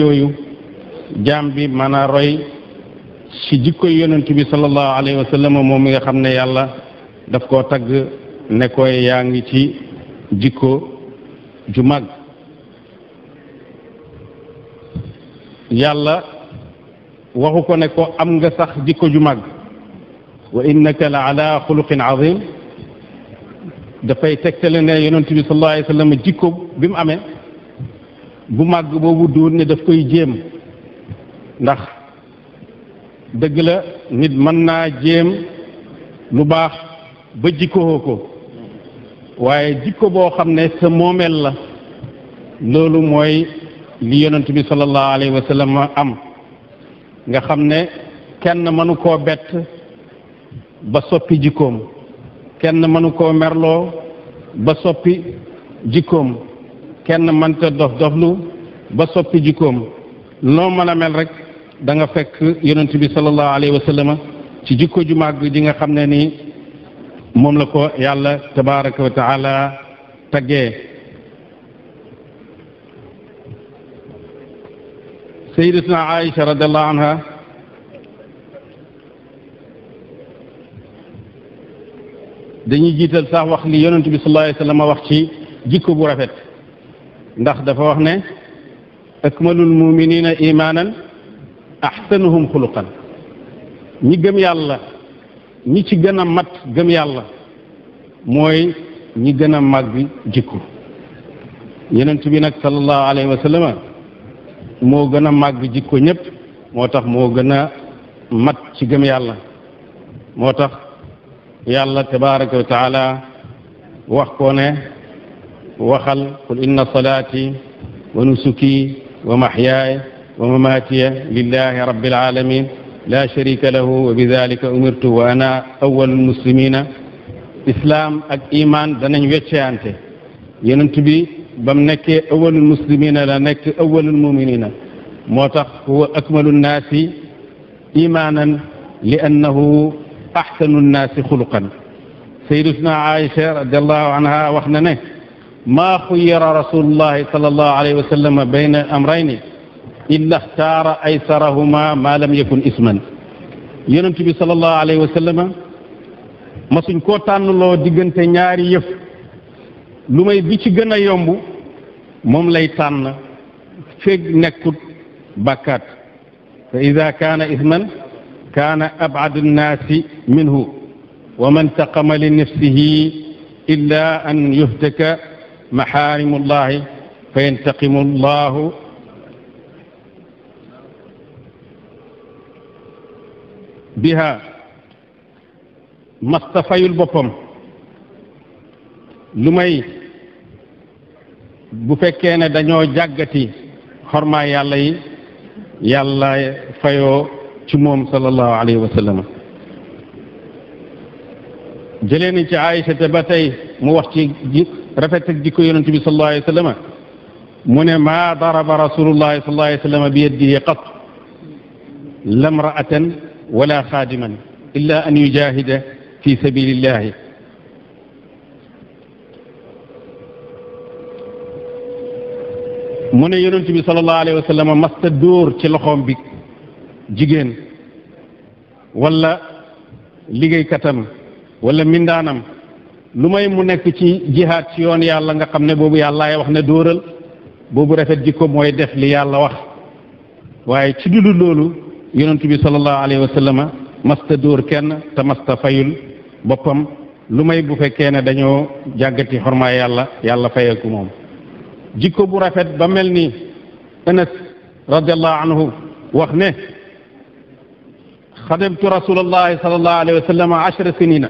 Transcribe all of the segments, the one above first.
yooyu jaam bi mën a ci jikkoy yonent bi alayhi wa sallam moom mi nga xam ne yàlla daf koo tagg ne koy yaa ngi ci jikko ju mag yàlla waxu ko ne ko am nga sax jikko ju mag wa innaka la ala xuluqin azim dafay tegtale ne yonent bi alayhi wa jikko bi mu bu màgg boobu duur ne daf koy jéem ndax dëgg la nit mën naa jéem lu baax ba jikkoo ko waaye jikko boo xam ne sa moomeel la loolu mooy li yonent bi am nga xam ne kenn mënu koo bett ba soppi jikkoom kenn mënu koo merloo ba soppi jikkoom kenn mënta dof doflu ba soppi jikkoom noo mën a mel rek da nga fekk yonent bi sallallahu alayhi wa sallam ci jikko ju màgg ji nga xam ne ni moom la ko yàlla tabaraka wa taala taggee sayidatuna aïcha radiallahu anha dañuy jiital sax wax li yonent bi sallallahu alayhi wa sallam wax ci jikko bu rafet ndax dafa wax ne akmalul muminina imanan ahsanuhum khuluqan ñi gëm yàlla ñi ci gën a mat gëm yàlla mooy ñi gën a màgg jikko yenent bi nag sallallahu alayhi wa sallam moo gën a màgg jikko ñëpp moo tax moo gën a mat ci gëm yàlla moo tax yàlla tabaraka wa taala wax ko ne وخل قل إن صلاتي ونسكي ومحياي ومماتي لله رب العالمين لا شريك له وبذلك أمرت وأنا أول المسلمين إسلام أك إيمان دانن ويتشي أنتي ينمتبي بمنك أول المسلمين لنك أول المؤمنين موتق هو أكمل الناس إيمانا لأنه أحسن الناس خلقا سيدتنا عائشة رضي الله عنها وحنا وحننه ما خير رسول الله صلى الله عليه وسلم بين أمرين إلا اختار أيسرهما ما لم يكن إسما ينمت صلى الله عليه وسلم ما سنكوتان الله ديغنت نياري يف لمي بيشي غنى يومبو موم لاي تان فيك نكوت بكات فإذا كان إثما كان أبعد الناس منه ومن تقم لنفسه إلا أن يهتك محارم الله فينتقم الله biha masta fayul boppam lu may bu fekkee ne dañoo jàggati xormaa yàlla yi yàlla fayoo ci moom sallallahu alayhi wa sallam جلين انت عائشة باتي موحتي رفتك جيكو ينتبي صلى الله عليه وسلم من ما ضرب رسول الله صلى الله عليه وسلم بيده قط لا امرأة ولا خادما إلا أن يجاهد في سبيل الله من ينتبي صلى الله عليه وسلم مستدور تلخون بك جيجين ولا لقي كتم wala mindaanam lu may mu nekk ci jihaad ci yoon yàlla nga xam ne boobu yàllaay wax ne dóoral boobu rafet jikko mooy def li yàlla wax waaye ci dulu loolu yonent bi sallallahu alayhi wa sallam masta dóor kenn te masta fayul boppam lu may bu fekkee ne dañoo jàggati xormaa yàlla yàlla fayeeku moom jikko bu rafet ba mel ni Anas radiallahu anhu wax ne xadamtu rasulallahi sallallahu alayhi wa sallam ashra sinina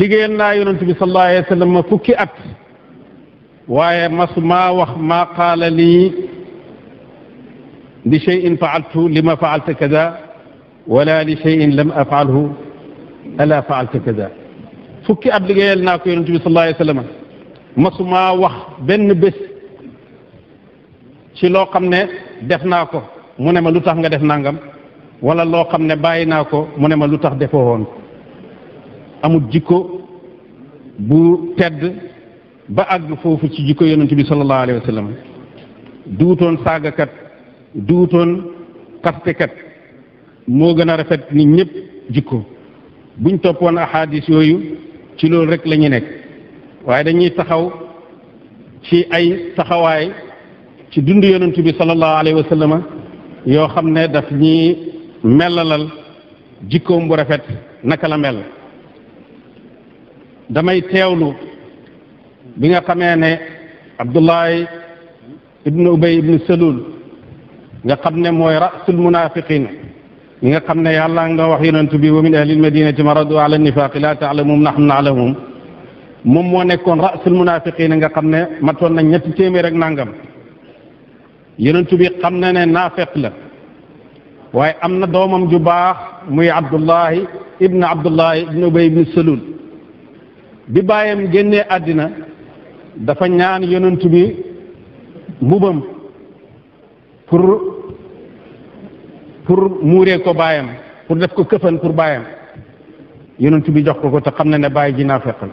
liggéeyal naa yonent bi sallallahu alayhi wa sallam ma fukki at waaye masu maa wax maa qaala lii li cheyin faaltu li ma faalta kada wala li cheyin lam afaalhu ala faalta kada fukki at liggéeyal naa ko yonent bi sallallahu alayhi wa sallam masu maa wax benn bés ci loo xam ne def naa ko mu ne ma lu tax nga def nangam wala loo xam ne bàyyi naa ko mu ne ma lu tax defoo woon amul jikko bu tedd ba àgg foofu ci jikko yonent bi sallallahu alayhi wa sallam saagakat duutoon kastekat moo gën a rafet ni ñëpp jikko buñ toppoon ahadis yooyu ci loolu rek lañuy nekk waaye dañuy taxaw ci ay taxawaay ci dund yonent bi sallallahu alayhi yoo xam ne daf ñuy melalal jikkoom bu rafet naka la mel damay teewlu bi nga xamee ne abdullahi ibnu ubay ibnu salul nga xam ne mooy rasul munafiqin mi nga xam ne yàlla nga wax yonent bi wa min ahlil madinati maradu ala nifaqi la taalamum nahnu naalamum moom moo nekkoon rasul munafiqin nga xam ne matoon nañ ñetti téeméer ak nangam yonent bi xam na ne naafeq la waaye am na doomam ju baax muy abdullahi ibnu abdullahi ibnu ubay ibnu salul bi baayam génnee àddina dafa ñaan yonent bi mbubam pour pour muuree ko baayam pour def ko këfan pour baayam yonent bi jox ko ko te xam na ne bàyyi ji naa fekkal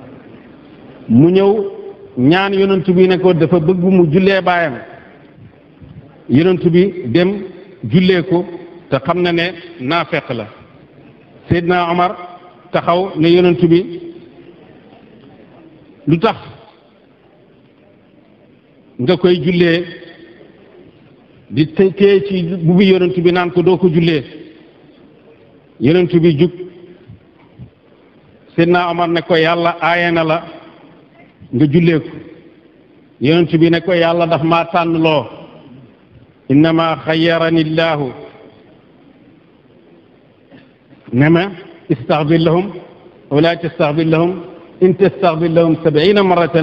mu ñëw ñaan yonent bi ne ko dafa bëgg mu jullee baayam yonent bi dem jullee ko te xam na ne naa fekk la Seydina Omar taxaw ne yonent bi lu tax nga koy jullee di tënkee ci bu bi yonent naan ko doo ko jullee yonent bi jug Seydina Omar ne ko yàlla aaye na la nga jullee ko yonent bi ne ko yàlla daf maa tànn loo innama xayyarani llaahu ne ma istaxfir lahum wala tastaxfir lahum إن تستغفر لهم سبعين مرة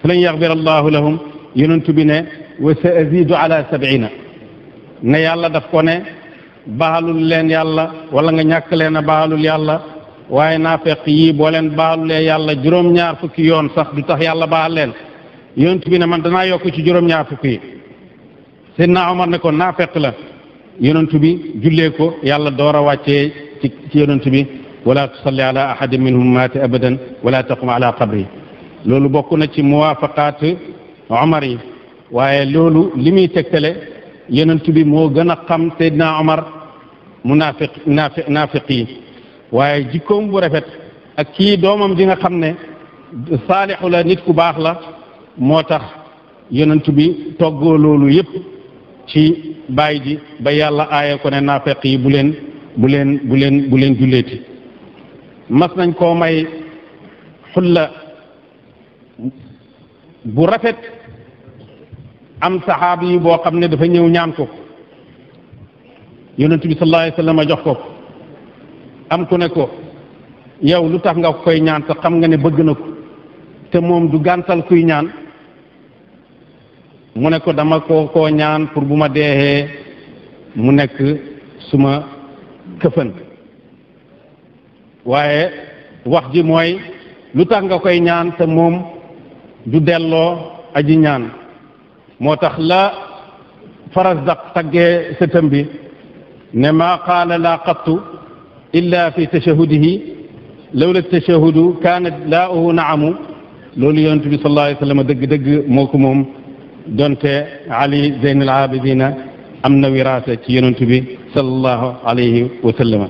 فلن يغفر الله لهم ينون تبين وسأزيد على سبعين نيالا يالا دفكونا باهلو لين يالا ولا نا نياك لين باهلو يالا واي نافق يب ولين باهلو لين يالا جروم نيار فكي يون صح دوتح يالا ينون تبين من دنا يوكو چي جروم نيار فكي سنة عمر نكو نافق لين ينون تبين جوليكو يالا دورا واتي ينون تبين ولا تصلي على احد منهم مات ابدا ولا تقم على قبره لولو بوكونا تي موافقات عمري واي لولو لمي تكتلي يننتو بي مو غنا خم سيدنا عمر منافق نافق نافقي واي جيكوم بو رافيت اك كي دومام ديغا خمني صالح لا نيت كو باخ لا موتاخ يننتو بي توغو لولو ييب تي بايدي دي با يالا ايا كون نافقي بولين بولين بولين بولين جوليتي mas nañ koo may xulla bu rafet am saxaaba yi boo xam ne dafa ñëw ñaan ko yonent bi sallallahu alayhi wasallam jox ko am ku ne ko yow lu tax nga koy ñaan te xam nga ne bëgg na ko te moom du gàntal kuy ñaan mu ne ko dama ko koo ñaan pour bu ma deexee mu nekk suma këfan waaye wax ji mooy lu tax nga koy ñaan te moom du delloo aji ñaan moo tax la Farazdaq taggee sëtam bi ne maa qaala laa qattu illa fi tashahudihi lawla tashahudu kaanat laa'uhu naamu loolu yonent bi sallallahu alayhi wa sallam dëgg-dëgg moo ko moom donte Ali Zeynul Abidina am na wiraasa ci yonent bi sallallahu alayhi wa sallam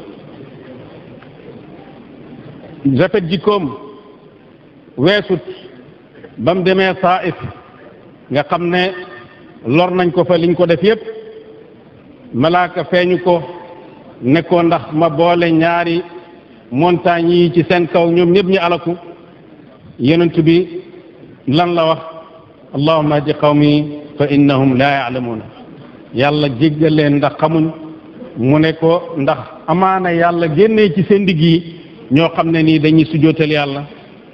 rafet jikkoom weesut ba demee Saa'if nga xam ne lor nañ ko fa liñ ko def yépp malaaka feeñu ko ne ko ndax ma boole ñaari montagne yi ci seen kaw ñoom ñëpp ñu alaku yonent bi lan la wax allahumma hdi qawmi fa innahum la yaalamuuna yàlla jéggal leen ndax xamuñ mu ne ko ndax amaana yàlla génnee ci seen digg yi ñoo xam ne nii dañuy sujootal yàlla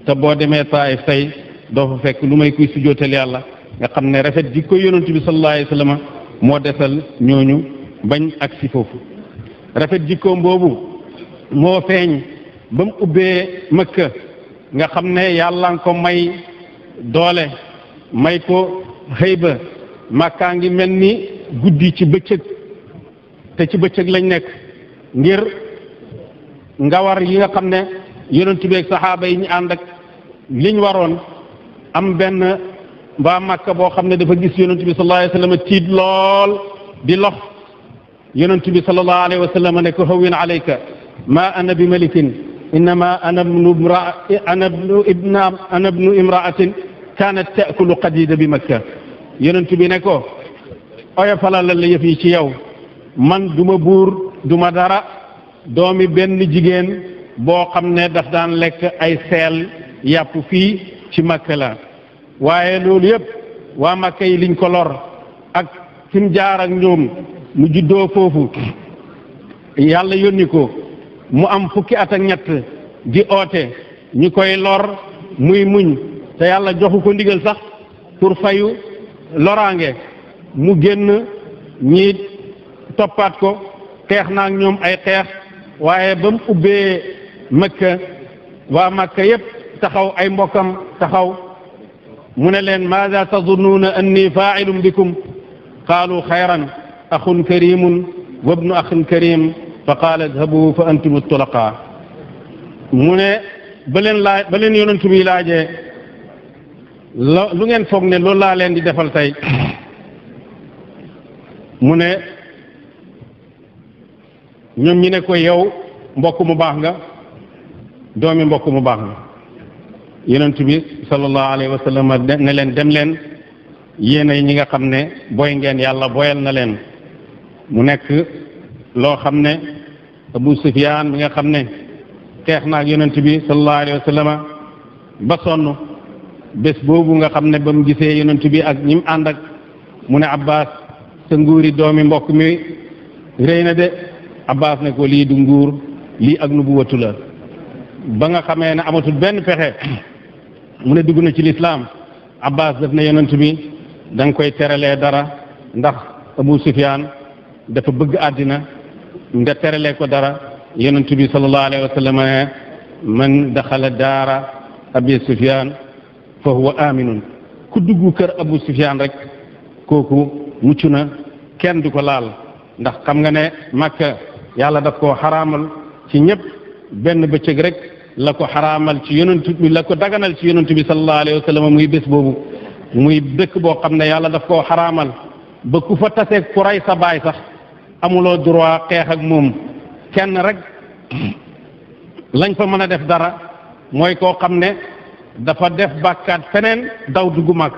te boo demee taayif tey doo fa fekk lu may kuy sujootal yàlla nga xam ne rafet ji ko yonent bi sallallahu alayhi wa sallam moo desal ñooñu bañ ak si foofu rafet jikkoom boobu moo feeñ ba mu ubbee Makka nga xam ne yàlla nga ko may doole may ko xëyba kaa ngi mel ni guddi ci bëccëg te ci bëccëg lañ nekk ngir nga war yi nga xamne ne bi ak sahaba yi ñi ànd ak liñ waroon am ben ba màkka bo xamne dafa gis yonent bi sallallahu alayhi wasallam sallam lol di lox yonent bi sallallahu alayhi wasallam ne ko hawin alayka ma ana bi malikin innama ana ibnu imra ana ibnu ibna ana ibnu imraatin kaanat taakulu qadida bi makka yonent bi ne ko oyo falalal la yëf yi ci yow man duma buur duma dara doomi benn jigéen boo xam ne daf daan lekk ay seel yàpp fii ci Makka la waaye loolu yëpp waa Makka yi liñ ko lor ak fi mu jaar ak ñoom mu juddoo foofu yàlla yónni ko mu am fukki at ak ñett di oote ñi koy lor muy muñ te yàlla joxu ko ndigal sax pour fayu loraange mu génn ñiit toppaat ko xeex naag ñoom ay xeex waye bam ubbe makka wa makka yeb taxaw ay mbokam taxaw munelen ne leen maada anni fa'ilun bikum qalu khayran akhun karim wa ibn akhin karim fa qala idhabu fa antum tulaqa mu ne ba leen laaj ba bi laje lu ngeen fogné lo la len di defal tay muné ñoom ñi ne ko yow mbokk mu baax nga doomi mbokk mu baax nga yonent bi sallallahu alayhi wa sallam ne leen dem leen yéen ñi nga xam ne boy ngeen yàlla boyal na leen mu nekk loo xam ne Abu Sufyaan bi nga xam ne xeex naa ak yonent bi sallallahu alayhi wa ba sonn bés boobu nga xam ne ba mu gisee yonent bi ak ñi mu ànd ak mu ne Abbas sa nguuri doomi mbokk mi rëy na de Abbas ne ko lii du nguur lii ak nubuwatu la ba nga xamee ne amatul benn pexe mu ne dugg na ci lislaam Abbas daf ne yonent bi da koy teralee dara ndax Abu Sufyaan dafa bëgg àddina nga teralee ko dara yonent bi sallallahu alayhi wa ne man daxala daara Abi Sufyaan fa huwa aminun ku dugg kër Abu Sufyaan rek kooku mucc na kenn du ko laal ndax xam nga ne Makka yàlla daf koo xaraamal ci ñëpp benn bëccëg rek la ko xaraamal ci yonent bi la ko daganal ci yonent bi sallallahu alayhi wa sallam muy bés boobu muy dëkk boo xam ne yàlla daf koo xaraamal ba ku fa taseeg ku rey sa baay sax amuloo droit xeex ak moom kenn rek lañ fa mën a def dara mooy koo xam ne dafa def bàkkaat feneen daw dugg màkk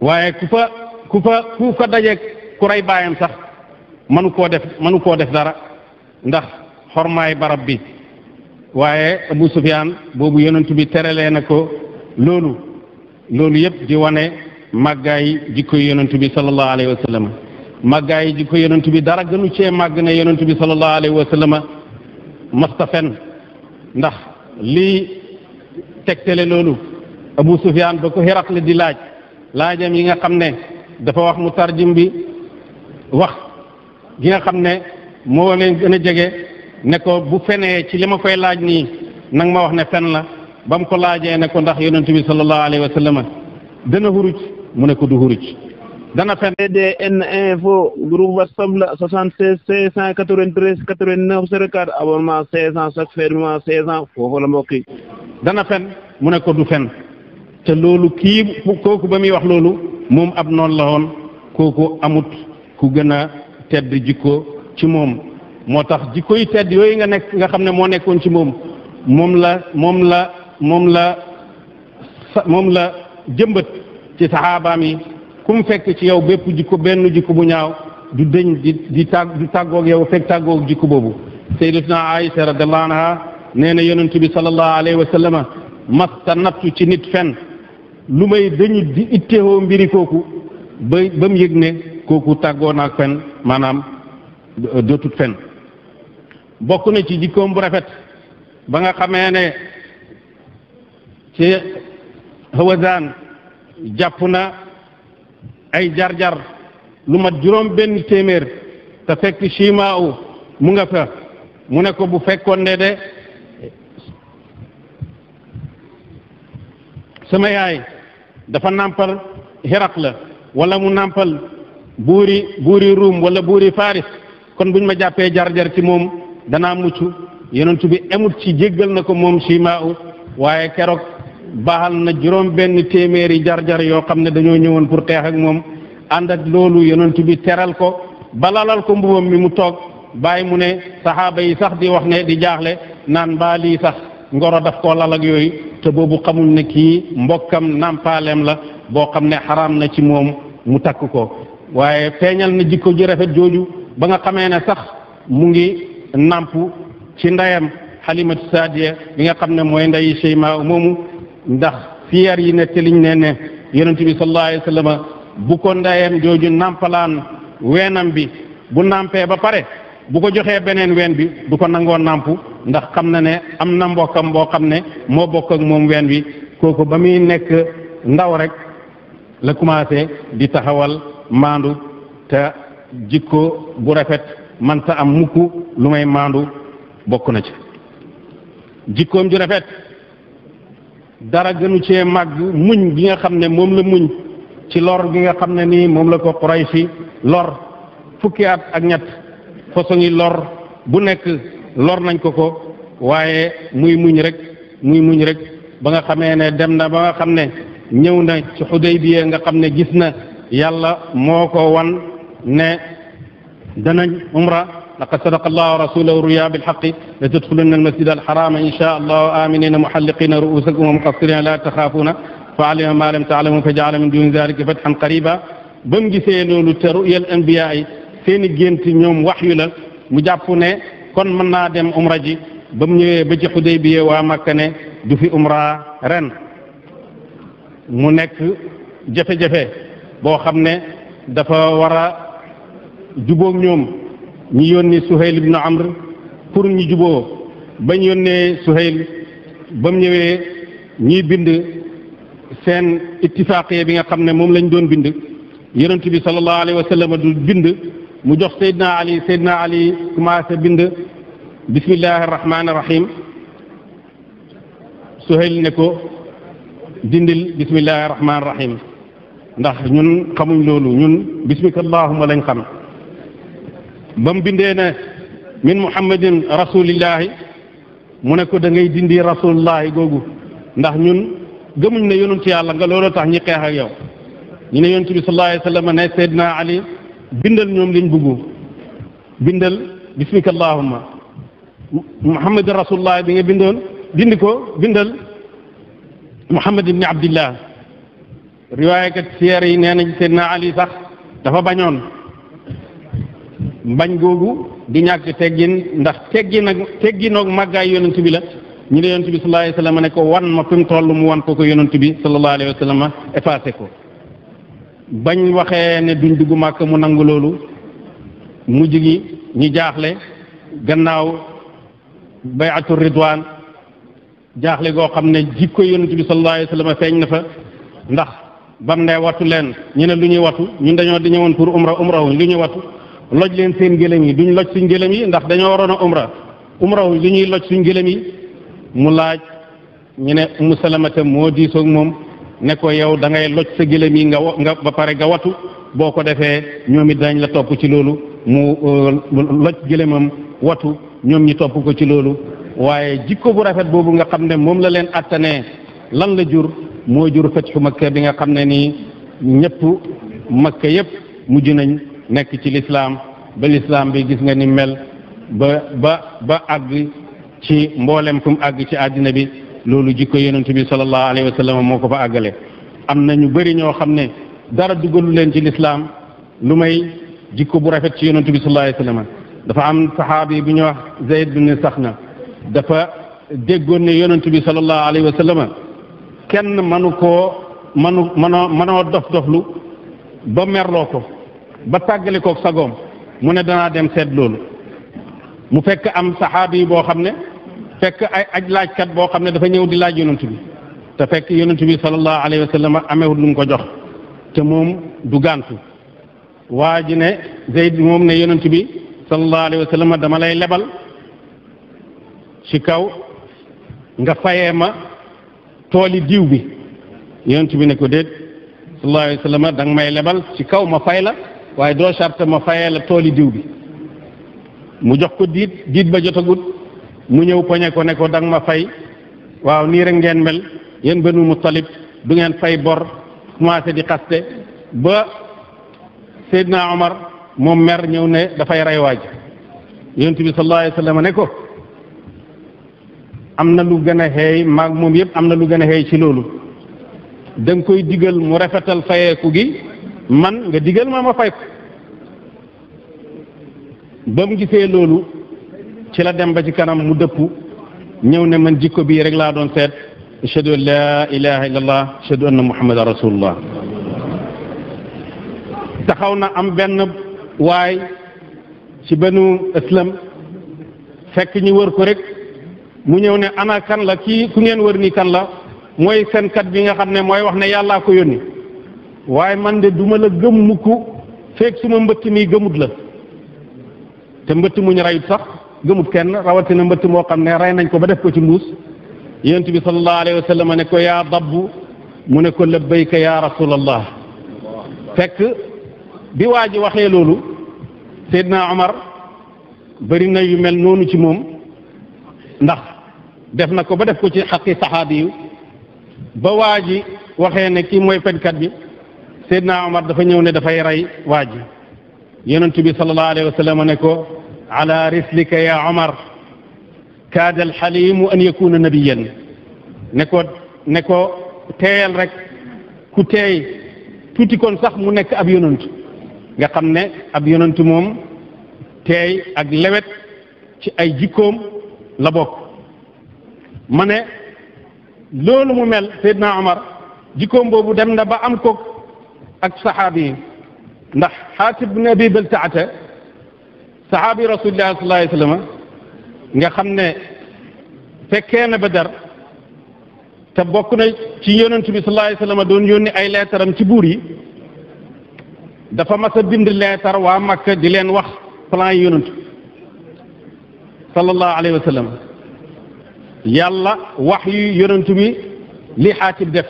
waaye ku fa ku fa ku fa dajeeg ku baayam sax mënu koo def mënu koo def dara ndax xormaay barab bi waaye Abu Sufyaan boobu yonent bi terelee na ko loolu loolu yëpp di wane màggaay jikko yonent bi sallallahu alayhi wa sallam màggaay jikko yonent bi dara gënu cee màgg ne yonent bi sallallahu alayhi wa sallam masta fen ndax lii tegtale loolu Abu Sufyaan ba ko Hiraql di laaj laajam yi nga xam ne dafa wax mu tarjim bi wax gi nga xam ne moo leen gën a jege ne ko bu fenee ci li ma fay laaj nii nang ma wax ne fen la ba mu ko laajee ne ko ndax yonent bi sallallahu alayhi wa sallam dana huruj mu ne ko du huruj dana fen DDN info groupe whatsapp la 76 593 89 04 abonnement 500 chaque fermement 500 foofu la mbokk yi dana fen mu ne ko du fen te loolu kii kooku ba muy wax loolu moom ab noon la woon kooku amut ku gën tedd jikko ci moom moo tax jikko yi tedd yooyu nga nekk nga xam ne moo nekkoon ci moom moom la moom la moom la moom la jëmbat ci saxaabaam yi ku fekk ci yow bépp jikko benn jikko bu ñaaw du dëñ di di tàgg du tàggoog yow fekk tàggook jikko boobu sayyidatuna Aïcha radiyallahu anha nee na yonent bi sallallahu alayhi wa sallam masta nattu ci nit fen lu may dañu di ittewoo mbiri kooku ba ba mu yëg ne kooku tàggoo naag fen maanaam euh, dootut fen bokk na ci jikkoom bu rafet ba nga xamee ne ci hawazan jàpp na ay jar-jar lu mat juróom benn téeméer te fekk chimaaw mu nga fa mu ne bu fekkoon ne de sama yaay dafa nàmpal xiraq la wala mu nàmpal buuri buuri ruum wala buuri faris kon buñ ma jàppee jar-jar ci moom danaa mucc yonentu tubi emut ci jéggal na ko moom Chimaaw waaye keroog baaxal na juróom benn téeméeri jar-jar yoo xam ne dañoo ñëwoon pour teex ak moom ànd ak loolu yonentu bi teral ko balalal ko mbubam mi mu toog bàyyi mu ne saxaaba yi sax di wax ne di jaaxle naan baa sax ngoro daf koo lal yooyu te boobu xamul ne kii mbokkam nàmpaaleem la boo xam ne xaraam na ci moom mu takk ko waaye feeñal na jikko ji rafet jooju ba nga xamee na sax mu ngi nàmp ci ndeyam xalimatu saadiya bi nga xam ne mooy ndeyi Seymaa moomu ndax fi yar yi na te liñ ne ne yonent bi sallallahu alayhi bu ko ndeyam jooju nàmpalaan weenam bi bu nàmpee ba pare bu ko joxee beneen ween bi bu ko nangoo nàmp ndax xam na ne am na mbokkam boo xam ne moo bokk ak moom ween wi kooku ba muy nekk ndaw rek la commencé di taxawal maandu te jikko bu rafet man sa am mukk lu may maandu bokk na ci jikkoom ju rafet dara gënu cee màgg muñ bi nga xam ne moom la muñ ci lor gi nga xam ne nii moom la ko Quraysi lor fukki at ak ñett façon lor bu nekk lor nañ ko ko waaye muy muñ rek muy muñ rek ba nga xamee ne dem na ba nga xam ne ñëw na ci Xudaybiya nga xam ne gis na يلا موكو وان ني دنا عمره لقد صدق الله ورسوله الرؤيا بالحق لتدخلن المسجد الحرام ان شاء الله امنين محلقين رؤوسكم ومقصرين لا تخافون فعلم ما لم تعلموا فجعل من دون ذلك فتحا قريبا بم غيسه لترؤيا الانبياء سين جنت يوم وحي لا كن من نادم كون منا دم عمره جي بم نيوي حديبيه وا مكه دوفي عمره رن مو نيك جفه جفه boo xam ne dafa war a jubóog ñoom ñi yónni Suhayl ibn Amr pour ñu juboo bañ yónnee Suhayl ba mu ñëwee ñiy bind seen ittifaaqiya bi nga xam ne moom lañ doon bind yonent bi sallallahu alayhi wa sallam du bind mu jox Seydina Ali Seydina Ali commencé bind bismillahi rahmaani rahim Suhayl ne ko dindil bismillahi rahmaani ndax ñun xamuñ loolu ñun bismika allahuma lañ xam ba mu bindee ne min muhammadin rasulillahi mu ne ko da ngay dindi rasulillahi googu ndax ñun gëmuñ ne yonent yàlla nga looloo tax ñi xeex ak yow ñu ne yonent bi sallallahu alayhi ne Seydina Ali bindal ñoom liñ bugg bindal bismika allahuma muhammadin rasulillahi bi nga bindoon dindi ko bindal muhammad ibni abdillah riwaayakat siyeer yi nee nañ naa Ali sax dafa bañoon bañ googu di ñàkk teggin ndax teggin ak tegginoog màggaay yonent bi la ñu ne yonent bi sallallahu alayhi wa ne ko wan ma fi mu toll mu wan bi sallallahu alayhi wa sallam effacé ko bañ waxee ne duñ dugg màkk mu nangu loolu mujj gi ñu jaaxle gannaaw bayatu ridwaan jaaxle goo xam ne jikko yonent bi sallallahu alayhi wa feeñ na fa ndax bam ne wattu leen ñu ne lu ñuy wattu ñu dañoo di ñëwoon pour umra umra wuñ lu ñuy wattu loj leen seen gëlëm yi duñ loj suñ gëlëm yi ndax dañoo waroon a umra umra wuñ lu ñuy loj suñ gëlëm yi mu laaj ñu ne umu salamata moo diisoog moom nekkoo ko yow da ngay loj sa gëlëm yi nga nga ba pare nga wattu boo ko defee ñoom it dañ la topp ci loolu mu euh, loj gëlëmam wattu ñoom ñi topp ko ci loolu waaye jikko bu rafet boobu nga xam ne moom la leen attanee lan la jur moo jur fatxu makka bi nga xam ne nii ñëpp makka yëpp mujj nañ nekk ci lislaam ba lislaam bi gis nga ni mel ba ba ba àgg ci mboolem fu mu àgg ci àddina bi loolu jikko yonent bi sallallahu alayhi wa sallam moo ko fa àggale am na ñu bëri ñoo xam ne dara dugalu leen ci lislaam lu jikko bu rafet ci yonent bi sallallahu alayhi wa dafa am saxaabi bu ñuy wax Zayd bin Saxna dafa déggoon ne yonent bi sallallahu alayhi wa kenn manu koo manu manoo manoo dof doflu ba merloo ko ba tàggale koog sagoom mu ne danaa dem seet loolu mu fekk am saxaabi yi boo xam ne fekk ay aj laajkat boo xam ne dafa ñëw di laaj yonent bi te fekk yonent bi sallallahu alayhi wa sallam amewut lu mu ko jox te moom du gàntu waa ji ne Zeyd moom ne yonent bi sallallahu alayhi wa sallam dama lay lebal ci kaw nga fayee ma toli diw bi yonent bi ne ko déet sallallahu alayhi wasallam. Dang da may lebal ci kaw ma fayla la waaye doo charte ma fayee toli tooli diw bi mu jox ko diit diit ba jotagut mu ñëw poñe ko ne ko ma fay waaw nii rek ngeen mel yéen banu Muttalib du ngeen fay bor commencé di xaste ba Seydina amar moom mer ñëw ne dafay rey waaj yonent bi sallallahu alayhi wasallam. ne ko am na lu gën a xeey maag moom yëpp am na lu gën a xeey ci loolu danga koy digal mu rafetal fayeeku gi man nga digal ma ma fay ko ba mu gisee loolu ci la dem ba ci kanam mu dëpp ñëw ne man jikko bii rek laa doon seet ashhadu an laa ilaha illa allah ashhadu anna muhammadan rasulullah taxaw na am benn waay ci banu islam fekk ñu wër ko rek mu ñëw ne ana kan la kii ku ngeen wër nii kan la mooy fenkat bi nga xam ne mooy wax ne yàllaa ko yónni waaye man de duma la gëm mukk feeg suma mbëtt mii gëmut la te mbëtt muñ rayut sax gëmut kenn rawatina mbëtt moo xam ne rey nañ ko ba def ko ci mbuus yonent bi sallallahu alayhi ne ko yaa dabbu mu ne ko labbayka yaa rasulallah fekk bi waa ji waxee loolu Seydina Omar bëri na yu mel noonu ci moom ndax def na ko ba def ko ci xaqi saxaabi yu ba waa ji waxee ne kii mooy fenkat bi Seydina Omar dafa ñëw ne dafay rey waa ji yonent bi sallallahu alayhi wa sallam ne ko ala rislika ya Omar kaada alxalimu an yakuna nabiyan ne ko ne ko teeyal rek ku teey tuuti kon sax mu nekk ab yonent nga xam ne ab yonent moom teey ak lewet ci ay jikkoom la bokk mané ne mu mel sayyidna umar jikkoom bobu dem na ba am ko ak sahabi ndax hatib bin abi baltaata sahabi rasulullah sallallahu alayhi wasallam nga xamne fekke na ba dar te bokku na ci yonent bi sallallahu alayhi wasallam don doon yónni ay lettaram ci bour yi dafa ma sa bind leetar wa Makka di len wax plan yi sallallahu alayhi wasallam yàlla wax yu yonent bi li xaatib def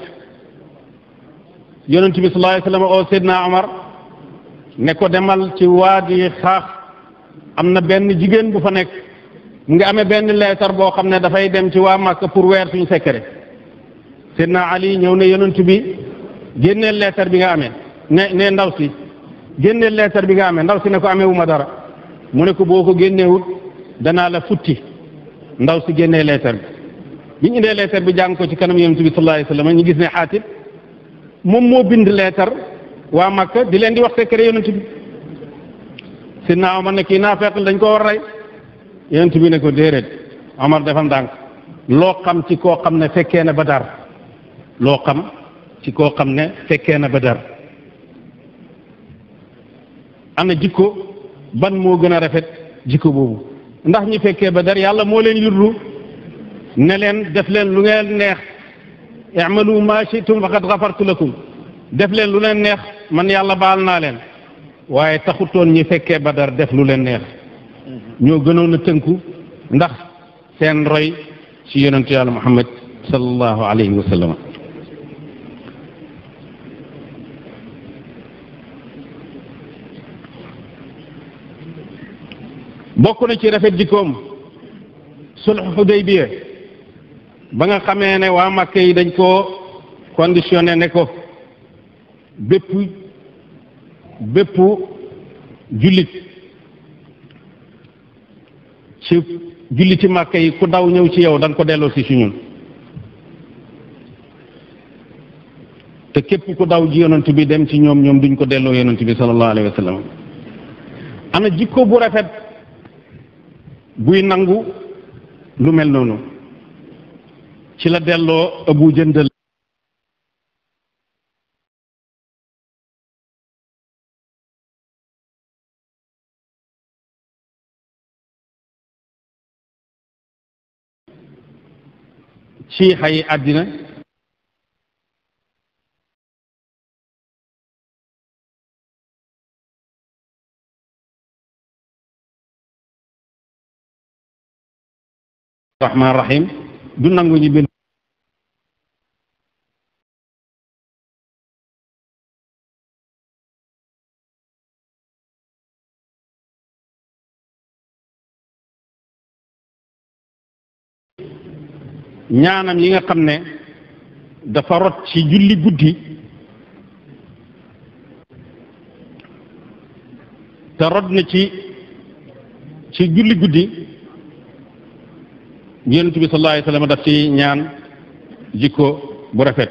yonent bi sallallahu alayhi oo Seydina Omar ne ko demal ci waadi xaax am na benn jigéen bu fa nekk mu ngi amee benn leetar boo xam ne dafay dem ci waa Màkka pour weer suñu sekkare Seydina Ali ñëw ne yonent bi génneel leetar bi nga amee ne ne ndaw si génneel leetar bi nga amee ndaw si ne ko amee ma dara mu ne ko boo ko génneewut danaa la futti ndaw si génnee leetar bi bi ñu indee leetar bi jàng ko ci kanam yonent bi sallallahu alayhi ñu gis ne xaatib moom moo bind leetar waa Makka di leen di wax secret yonent bi si naaw man ne kii naa fekk dañ koo war a rey yonent bi ne ko déedéet Omar defam ndànk loo xam ci koo xam ne fekkee na Badar loo xam ci koo xam ne fekkee na Badar ana jikko ban moo gën a rafet jikko boobu ndax ñi ba dar yàlla mo leen yurru ne leen def leen lu ngeen neex i'malu ma shi'tum faqad ghafartu lakum def leen lu leen neex man yàlla baal na leen waye taxutoon ñi ba dar def lu leen neex ño gënon na tënku ndax seen roy ci yonentu yàlla muhammad sallallahu alayhi wa sallam bokk na ci rafet jikkoom sulh Hudaybiya ba nga xamee ne waa Màkka yi dañ koo conditionné ne ko bépp bépp jullit ci julli ci màkk yi ku daw ñëw ci yow dañ ko delloo si ci ñun te képp ku daw ji yonent bi dem ci ñoom ñoom duñ ko delloo yonent bi sallallahu alayhi wa ana jikko bu rafet buy nangu lu mel noonu ci la delloo abu jëndal ci xay àddina rahmaan rahim du nangu ñaanam yi nga xam ne dafa rot ci julli guddi te rot na ci ci julli guddi yonent bi sallallahu alayhi daf ci ñaan jikko bu rafet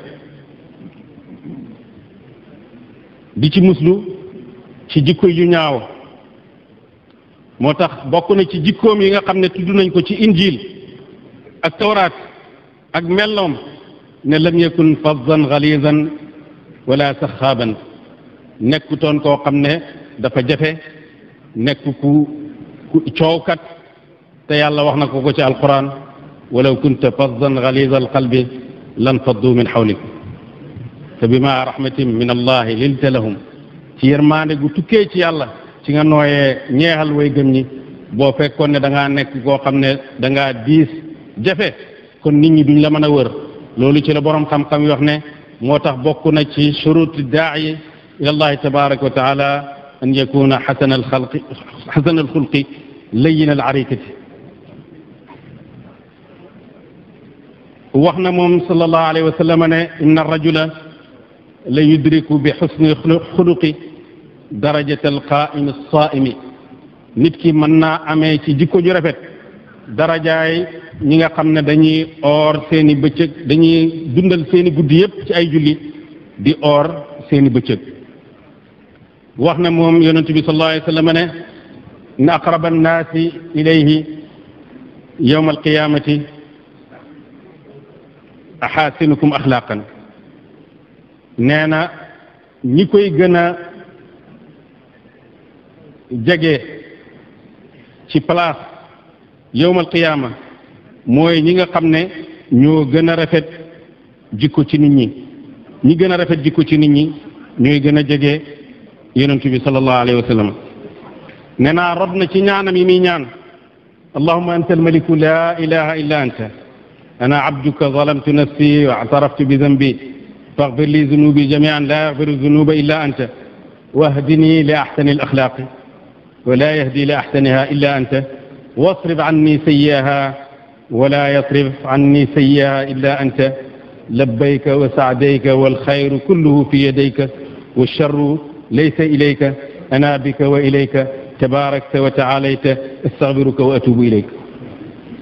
di ci muslu ci jikko yu ñaaw moo tax bokk na ci jikkoom yi nga xam ne tudd nañ ko ci injil ak tawraat ak melloom ne lam yakun fazan xalizan wala saxaaban nekkutoon koo xam ne dafa jafe nekk ku ku te yàlla wax na ko ko ci alquran ولو كنت فظا غليظ القلب لانفضوا من حولك فبما رحمة من الله لنت لهم ci yërmaande gu tukkee ci yàlla ci nga nooyee ñeexal way gëm ñi boo fekkoon ne da ngaa nekk koo xam ne da ngaa diis jafe kon nit ñi duñ la mën a wër loolu ci la borom xam-xam yi wax ne moo tax bokk na ci shuruti daa'i ila allahi tabaraka wa taala an yakuna xasana alxalqi xasana alxulqi layin al arikati وحنا موم صلى الله عليه وسلم ان الرجل لا يدرك بحسن خلق درجه القائم الصائم نيت كي مننا امي سي ديكو جو رافيت درجاي نيغا خامن داني اور سيني بيتك داني دوندال سيني غودي ييب سي اي جولي دي اور سيني بيتك وحنا موم يونتبي صلى الله عليه وسلم ان اقرب الناس اليه يوم القيامه أحاسنكم أخلاقا نانا نيكوي جنا جاجي شي بلاص يوم القيامة موي نيغا خامني نيو جنا رافيت جيكو تي نيت ني ني جنا رافيت جيكو تي نيت ني نيو جنا جاجي يونتي بي صلى الله عليه وسلم نانا ربنا شي نانا مي نان اللهم انت الملك لا اله الا انت أنا عبدك ظلمت نفسي واعترفت بذنبي فاغفر لي ذنوبي جميعا لا يغفر الذنوب إلا أنت واهدني لأحسن الأخلاق ولا يهدي لأحسنها إلا أنت واصرف عني سيئها ولا يصرف عني سيئها إلا أنت لبيك وسعديك والخير كله في يديك والشر ليس إليك أنا بك وإليك تباركت وتعاليت استغفرك وأتوب إليك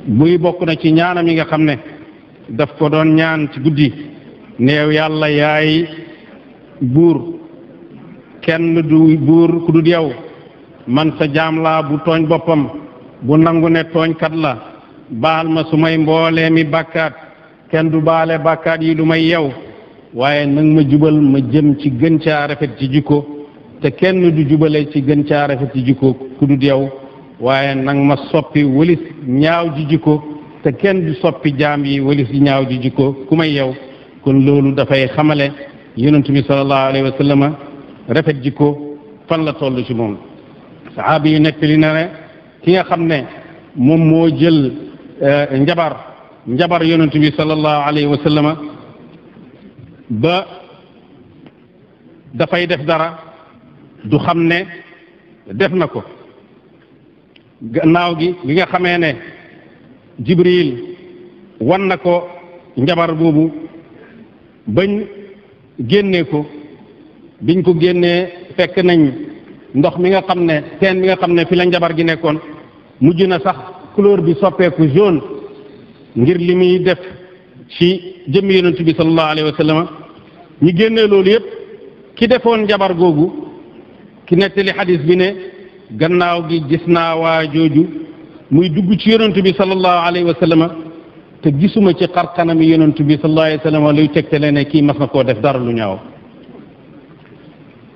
buy bokk na ci ñaanam yi nga xam ne daf ko doon ñaan ci guddi neew yàlla yaay buur kenn du buur ku dul yow man sa jaam laa bu tooñ boppam bu nangu ne tooñkat la baal ma su may mboolee mi bàkkaat kenn du baale bàkkaat yi lu may yow waaye nag ma jubal ma jëm ci gën caa rafet ci jikko te kenn du jubale ci gën caa rafet ci jikko ku dul yow waaye nag ma soppi walis ñaaw ji jikko te kenn du soppi jaam yi walis ñaaw ji jikko ku may yow kon loolu dafay xamale yonent bi sallallahu alayhi wa sallam rafet jikko fan la toll ci moom saxaaba yi nekk li nare ki nga xam ne moom moo jël njabar njabar yonent bi sallallahu alayhi wa sallam ba dafay def dara du xam ne def na ko gannaaw gi bi nga xamee ne jibril wan na ko njabar boobu bañ génnee ko biñ ko génnee fekk nañ ndox mi nga xam ne teen bi nga xam ne fi la jabar gi nekkoon mujj na sax couleur bi soppeeku jaune ngir li muy def ci jëmmi yonent bi sallallahu alayhi wa sallam ñi génnee loolu yépp ki defoon jabar googu ki nettali xadis bi ne gannaaw gi gis naa waa jooju muy dugg ci yonent bi sallallahu alayhi wa sallam te gisuma ci xar kanam yonent bi sallallahu alayhi wa sallam luy tegtale ne kii mas na koo def dara lu ñaaw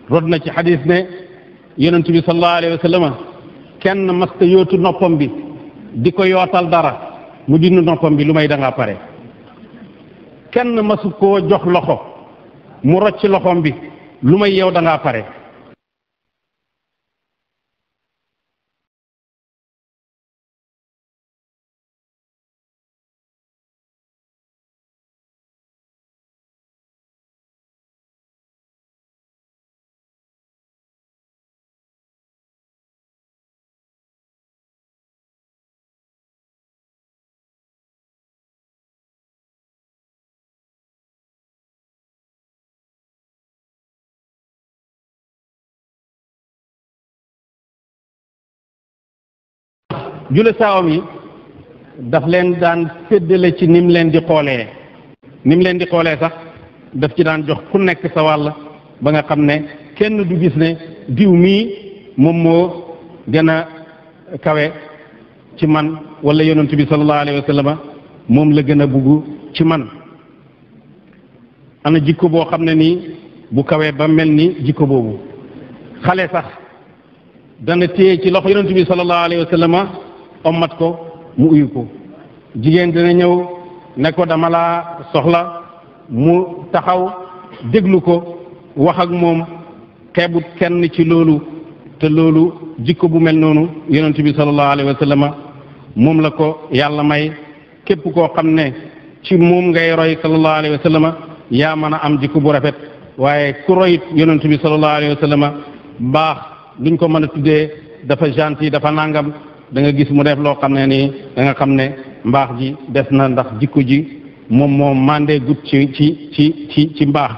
rod na ci xadis ne yonent bi sallallahu alayhi wa kenn mas ta yootu noppam bi di ko yootal dara mu dindi noppam bi lu may dangaa pare kenn masu koo jox loxo mu rocc loxoom bi lu may yow dangaa pare jule saawam yi daf leen daan séddale ci nim leen di xoolee nim leen di xoolee sax daf ci daan jox ku nekk sa wàll ba nga xam ne kenn du gis ne diw mii moom moo gën a kawe ci man walla yonent bi sallallahu alayhi wa sallam moom la gën a bugg ci man an ana jikko boo xam ne nii bu kawee ba mel ni jikko boobu xale sax dana téye ci loxo yonent bi sallallahu alayhi wa sallam omat ko mu uyu ko jigéen dina ñëw ne ko dama laa soxla mu taxaw déglu ko wax ak moom xeebut kenn ci loolu te loolu jikko bu mel noonu yonent bi sallallahu alayhi moom la ko yàlla may képp koo xam ne ci moom ngay roy sallallahu alayhi wa yaa mën a am jikko bu rafet waaye ku royit yonent bi sallallahu alayhi wa baax luñ ko mën a tuddee dafa gentil dafa nangam da nga gis mu def loo xam ne nii danga xam ne mbaax ji des na ndax jikko ji moom moo mandee ci ci ci ci ci mbaax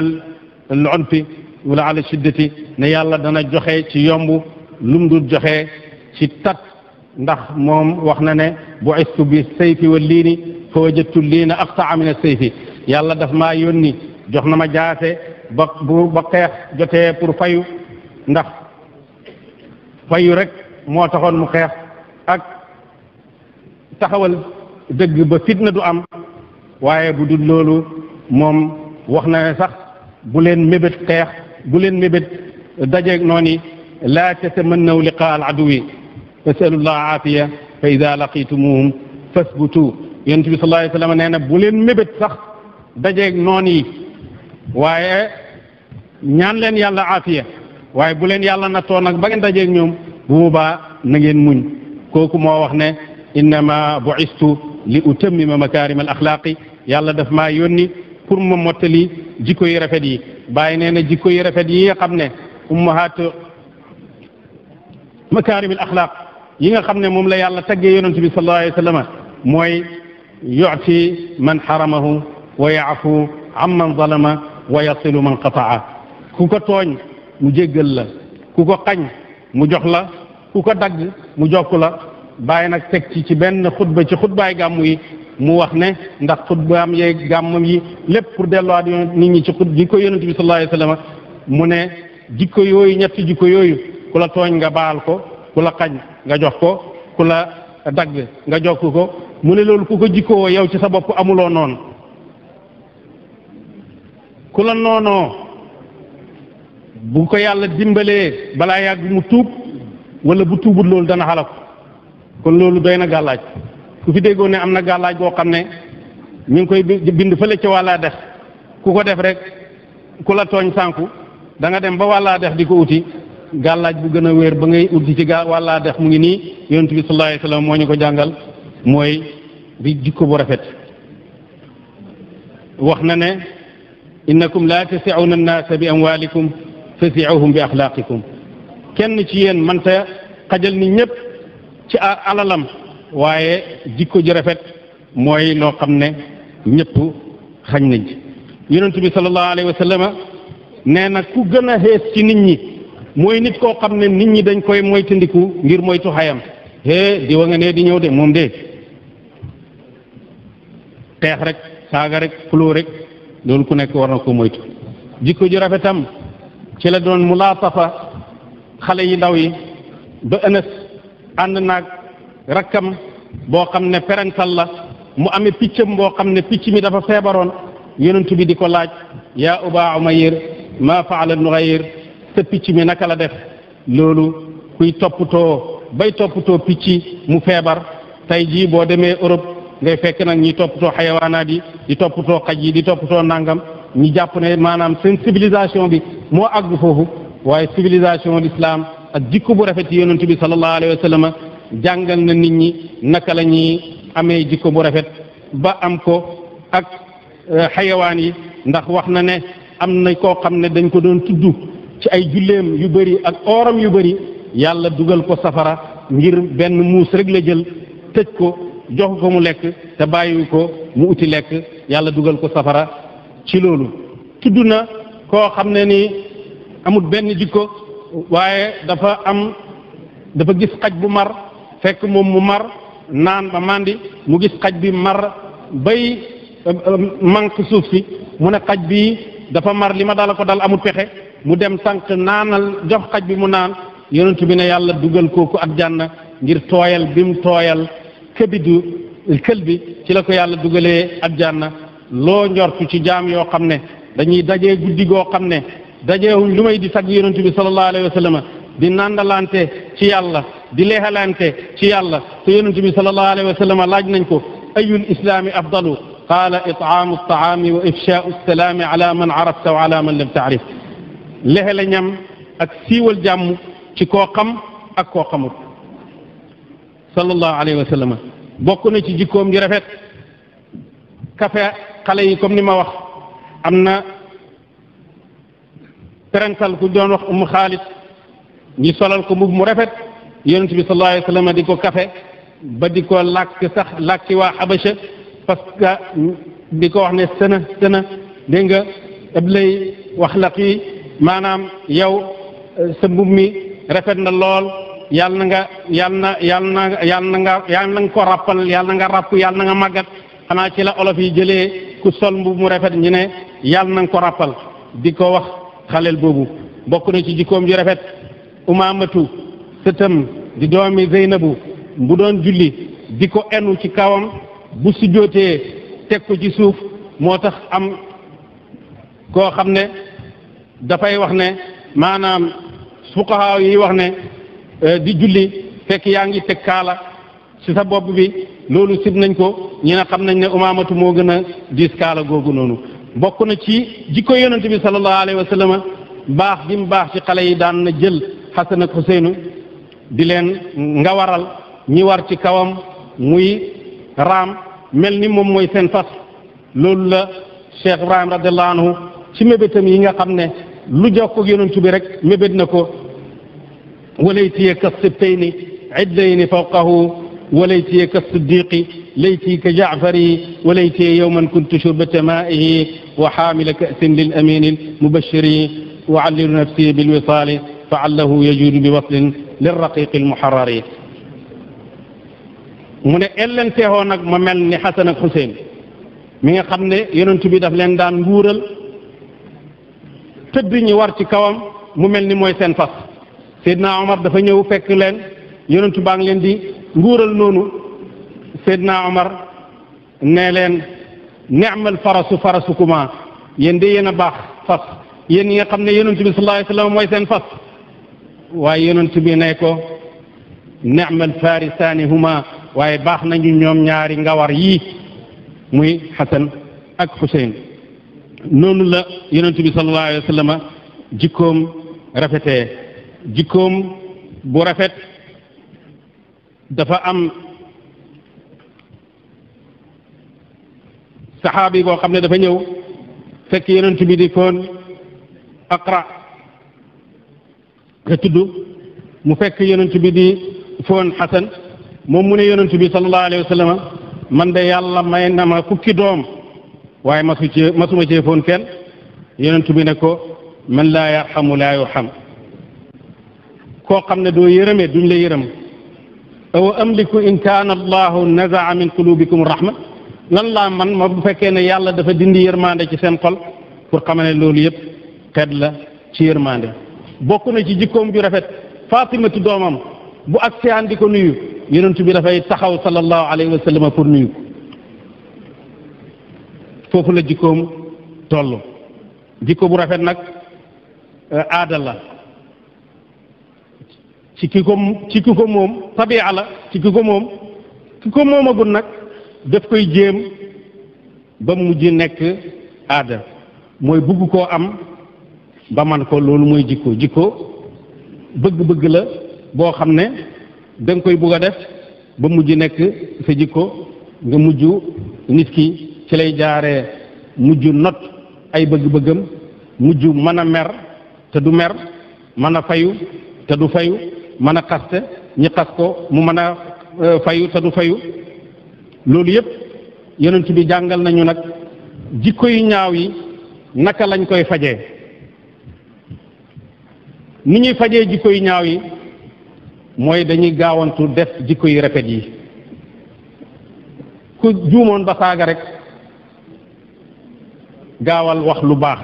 للعنف ولا على شدتي نيالا دانا جوخي تي يومو لوم دو جوخي تي تات ندخ موم واخنا ني بعثت بالسيف والليني فوجدت اللين اقطع من السيف يالا داف ما يوني جوخنا ما جاتي بق بو بقيه جوتي بور فايو ندخ فايو رك مو تاخون مو خيخ اك تخاول دغ با فتنه دو ام وايي بودو لولو موم واخنا ني صاح bu leen mébét xeex bu leen mébét dajeeg noonu laa tatamannaw liqaa al aduwi fasalullah aafiya fa ida laqitumuhum fasbutu yonent bi sallallahu alayhi wa sallam nee na bu leen mébét sax dajeeg noon yi waaye ñaan leen yàlla aafiya waaye bu leen yàlla nattoo nag ba ngeen dajeeg ñoom bu boobaa na ngeen muñ kooku moo wax ne innama buistu li utammima makarim al axlaaqi yàlla daf maa yónni pour mu motali jikko yi rafet yi baye neena jikko yi rafet yi nga xam ne ummahaat makaarimil axlaaq yi nga xamne mom la yàlla tagge yonnati bi sallallahu alayhi wasallam moy yuti man haramahu wa ya'fu amman zalama wa yasilu man qataa kuko togn mu jegal la kuko xagn mu jox la kuko dag mu jokk la baye nak tek ci ci ben khutba ci khutbay gamuy mu wax ne ndax xutbaam yeeg gàmmam yi lépp pour delluwaat nit ñi ci xut jikko yonente bi sallallahu alayhi wa mu ne jikko yooyu ñett jikko yooyu ku la tooñ nga baal ko ku la xañ nga jox ko ku la dagg nga jox ko mu ne loolu ku ko jikkoo yow ci sa bopp amuloo noon ku la noonoo bu ko yàlla dimbalee balaa yàgg mu tuub wala bu tuubul loolu dana ko kon loolu doy na gàllaaj ku fi déggoon ne am na gàllaaj goo xam ne ñu ngi koy bind fële ca wàllaa def ku ko def rek ku la tooñ sànku danga dem ba wàllaa def di ko uti gàllaaj bu gën a wéer ba ngay uti ci gaa wàllaa def mu ngi nii yonent bi moo ñu ko jàngal mooy bi jikko bu rafet wax na ne innakum la tasi'una an-naasa bi amwaalikum fasi'uhum bi axlaaqikum kenn ci yéen man xajal ni ñépp ci alalam waaye jikko ju rafet mooy noo xam ne ñëpp xañ nañ ci yonent bi sallallahu alayhi wa sallam nee na ku gën a xees ci nit ñi mooy nit koo xam ne nit ñi dañ koy moytandiku ngir moytu xayam hee di wa nga ne di ñëw de moom de teex rek saaga rek xuloo rek loolu ku nekk war na ko moytu jikko ju rafetam ci la doon mulaatafa xale yi ndaw yi ba ënës ànd naag rakkam boo xam ne perental la mu amee piccam boo xam ne picc mi dafa feebaroon yonent bi di ko laaj yaa uba umayr maa faala nughayr te picc mi naka la def loolu kuy toppatoo bay toppatoo picc mu feebar tey jii boo demee Europe ngay fekk nag ñi toppatoo xayawaanaat yi di toppatoo xaj yi di toppatoo nangam ñi jàpp ne maanaam seen civilisation bi moo àgg foofu waaye civilisation l'islam ak jikko bu rafet yi yonent bi sallallahu alayhi wa jàngal na nit ñi naka la ñuy amee jikko bu rafet ba am ko ak euh, xayawaan yi ndax wax na ne am na koo xam ne dañ ko doon tudd ci ay julleem yu bari ak ooram yu bari yàlla dugal ko safara ngir benn muus rek la jël tëj ko jox ko mu lekk te bàyyi ko mu uti lekk yàlla dugal ko safara ci loolu tudd na koo xam ne ni amul benn jikko waaye dafa am dafa gis xaj bu mar fekk moom mu mar naan ba màndi mu gis xaj bi mar bay euh, euh, manque suuf si mu ne xaj bi dafa mar li ma dala ko dal amul pexe mu dem tànk naanal jox xaj bi mu naan yonent bi ne yàlla dugal kooku aljanna ngir tooyal bi mu tooyal këbidu kël bi ci la ko yàlla dugalee aljanna loo njortu ci jaam yoo xam ne dañuy dajee guddi goo xam ne dajeewuñ lu may di tagg yonent bi sallallahu alayhi wa sallam di nandalante ci yàlla di leexalante ci yàlla te yonente bi sallallahu alayhi wa sallam laaj nañ ko ayul islaami afdalu qaala itaamu altaami wa ifshaau alsalaami ala man arafta wa ala man lam taarif lexele ñam ak siiwal jàmm ci koo xam ak koo xamut sallallahu alayhi wa sallam bokk na ci jikkoom ji rafet kafe xale yi comme ni ma wax am na terental ku doon wax umu xaalit ñi solal ko mbubb mu rafet yonent bi sallallahu alayhi wa sallam di ko kafe ba di ko làkk sax làkki waa xabasha parce que di ko wax ne sëna sëna dégg nga ablay wax laq yi maanaam yow sa mbub mi rafet na lool yàlla na nga yàlla na yàlla na yàlla na nga yàlla na nga ko ràppal yàlla na nga ràpp yàlla na nga màggat xanaa ci la olof yi jëlee ku sol mbub mu rafet ñu ne yàlla na nga ko ràppal di ko wax xaleel boobu bokk na ci jikkoom ju rafet umaamatu sëtam di doomi Zeynabu bu doon julli di ko enu ci kawam bu sujjootee teg ko ci suuf moo tax am koo xam ne dafay wax ne maanaam fuqaha yi wax ne euh, di julli fekk yaa ngi teg kaala ci sa bopp bi loolu sib nañ ko ñi ne xam nañ ne umaamatu moo gën a diis kaala googu noonu bokk na ci jikko yonent bi sallallahu alayhi wa sallam baax bi mu baax ci xale yi daan na jël xasan ak xuseynu di len nga waral ñi war ci kawam muy ram melni mom moy sen fas loolu la Cheikh Ibrahim radhiyallahu anhu ci mébétam yi nga xamne lu jokk ak yonent bi rek mébét nako walayti walaytiye عدين فوقه وليتي كالصديق ليتي كجعفري وليتي يوما كنت شربة مائه وحامل كأس للأمين المبشر وعلل نفسي بالوصال فعله يجود بوصل للرقيق المحرر من إلنته هناك ممل حسن الحسين من خمنة ينتبه داف لين دان غورل تدني وارتي كوم ممل نموي سنفاس سيدنا عمر دافا نيو فك لين ينتبه بان لين دي غورل نونو سيدنا عمر نيلين نعم الفرس فرسكما يندي ينا باخ فاس ين يخمنة ينتبه صلى الله عليه وسلم موي سنفاس فاس waaye yonent bi ne ko ni'mal farisaani huma waaye baax nañu ñoom ñaari ngawar yii muy xasan ak xuseyn noonu la yonent bi sallallahu alayhi wa sallam jikkoom rafetee jikkoom bu rafet dafa am saxaabi boo xam dafa ñëw fekk yonent bi di koon aqra nga tudd mu fekk yonent bi di foon xasan moom mu ne yonent bi sallallahu alayhi wa sallam man de yàlla may na ma fukki doom waaye masu cee masuma cee foon kenn yonent bi ne ko man laa yarxamu laa yuxam koo xam ne doo yërëmee duñ la yërëm aw amliku in kaana allahu nazaa min qulubikum rahma lan laa man ma bu fekkee ne yàlla dafa dindi yërmande ci seen xol pour xam ne loolu yëpp xeet la ci yërmande bokk na ci jikkoom bi rafet fatimatu doomam bu ak séan di ko nuyu yonent bi dafay taxaw sallallahu alayhi wa sallam pour nuyu foofu la jikkoom toll jikko bu rafet nag eh, aada la ci ki ko ci ki ko moom tabia la ci ki ko moom ki ko moomagul nag daf koy jéem ba mujj nekk aada mooy bugg koo am ba man koo loolu mooy jikkoo jikkoo bëgg-bëgg la boo xam ne da koy bugg a def ba mujj nekk sa jikko nga mujj nit ki ci lay jaaree mujj not ay bëgg-bëggam mujj mën a mer te du mer mën a fayu te du fayu mën a xaste ñi xas ko mu mën a e, fayu te du fayu loolu yëpp yonent bi jàngal nañu nag jikko yu ñaaw yi naka lañ koy fajee ni ñuy fajee jikko yi ñaaw yi mooy dañuy gaawantu def jikko yi rafet yi ku juumoon ba saaga rek gaawal wax lu baax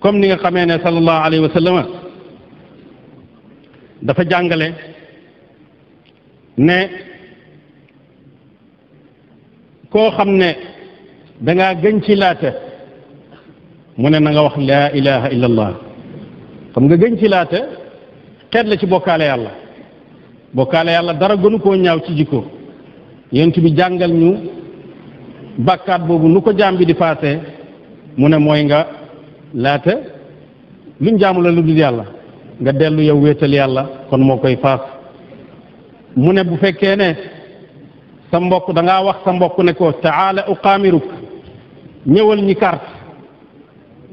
comme ni nga xamee ne sallallahu alayhi wa sallam dafa jàngale ne koo xam ne da ngaa gën ci laata mu ne na nga wax la ilaha illallah xam nga gëñ filaate xeet la ci bokkaale yàlla bokkaale yàlla dara gënu koo ñaaw ci jikko yent bi jàngal ñu bàkkaat boobu nu ko jaam bi di paase mu ne mooy nga laata lu jaamu la lu dul yàlla nga dellu yow wéetal yàlla kon moo koy faas mu ne bu fekkee ne sa mbokk danga wax sa mbokk ne ko taala uqaamiruk ñëwal ñi carte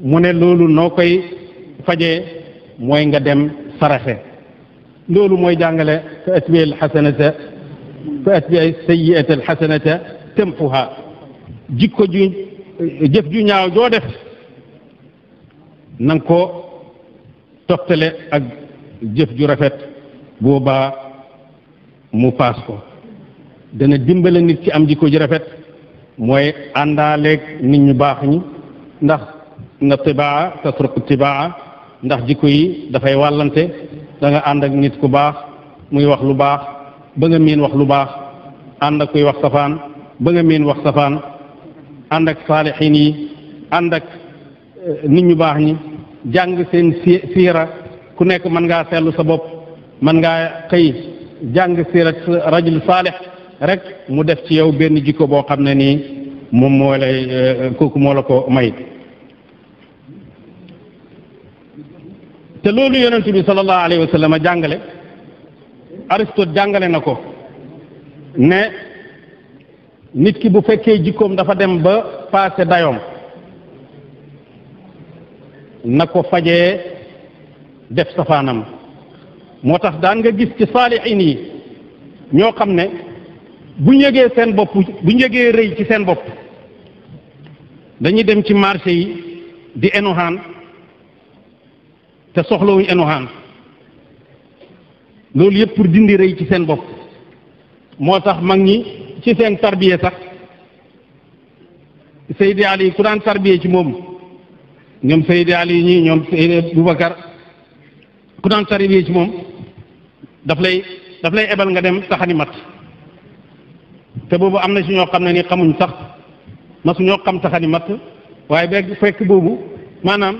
mu ne loolu noo koy fajee mooy nga dem saraxe loolu mooy jàngale fa atbi al xasanata fa atbi sayiata al xasanata tempuha jikko ju jëf ju ñaaw joo def nanga ko toftale ak jëf ju rafet boobaa mu paas ko dana dimbale nit ci am jikko ju rafet mooy àndaaleeg nit ñu baax ñi ndax na tibaa tasruq tibaa ndax jikko yi dafay wàllante danga nga ànd ak nit ku baax muy wax lu baax ba nga miin wax lu baax ànd ak kuy wax safaan ba nga miin wax safaan ànd ak saalixiin yi ànd ak eh, nit ñu baax ñi jàng seen siira ku nekk mën ngaa seetlu sa bopp man ngaa xëy jàng siira rajul saalix rek mu def ci yow benn jikko boo xam ne nii moom moo lay eh, kooku moo la ko may te loolu yonent bi sallallahu alayhi wa sallam jàngale Aristote jàngale na ko ne nit ki bu fekkee jikkoom dafa dem ba paase dayoom na ko fajee def safaanam moo tax daan nga gis ci saalixiin yi ñoo xam ne bu ñu yëgee seen bopp bu ñu yëgee rëy ci seen bopp dañuy dem ci marché yi di enohaan te soxlawuñu enohaan loolu yëpp pour dindi rëy ci seen bopp moo tax mag ñi ci seen tarbiye sax Seydi yi ku daan tarbiye ci moom ñoom Seydi yi ñi ñoom Seydi Boubacar ku daan tarbiye ci moom daf lay daf lay ebal nga dem taxani mat te boobu am na si ñoo xam ne ni xamuñ sax ma su ñoo xam taxani mat waaye be fekk boobu maanaam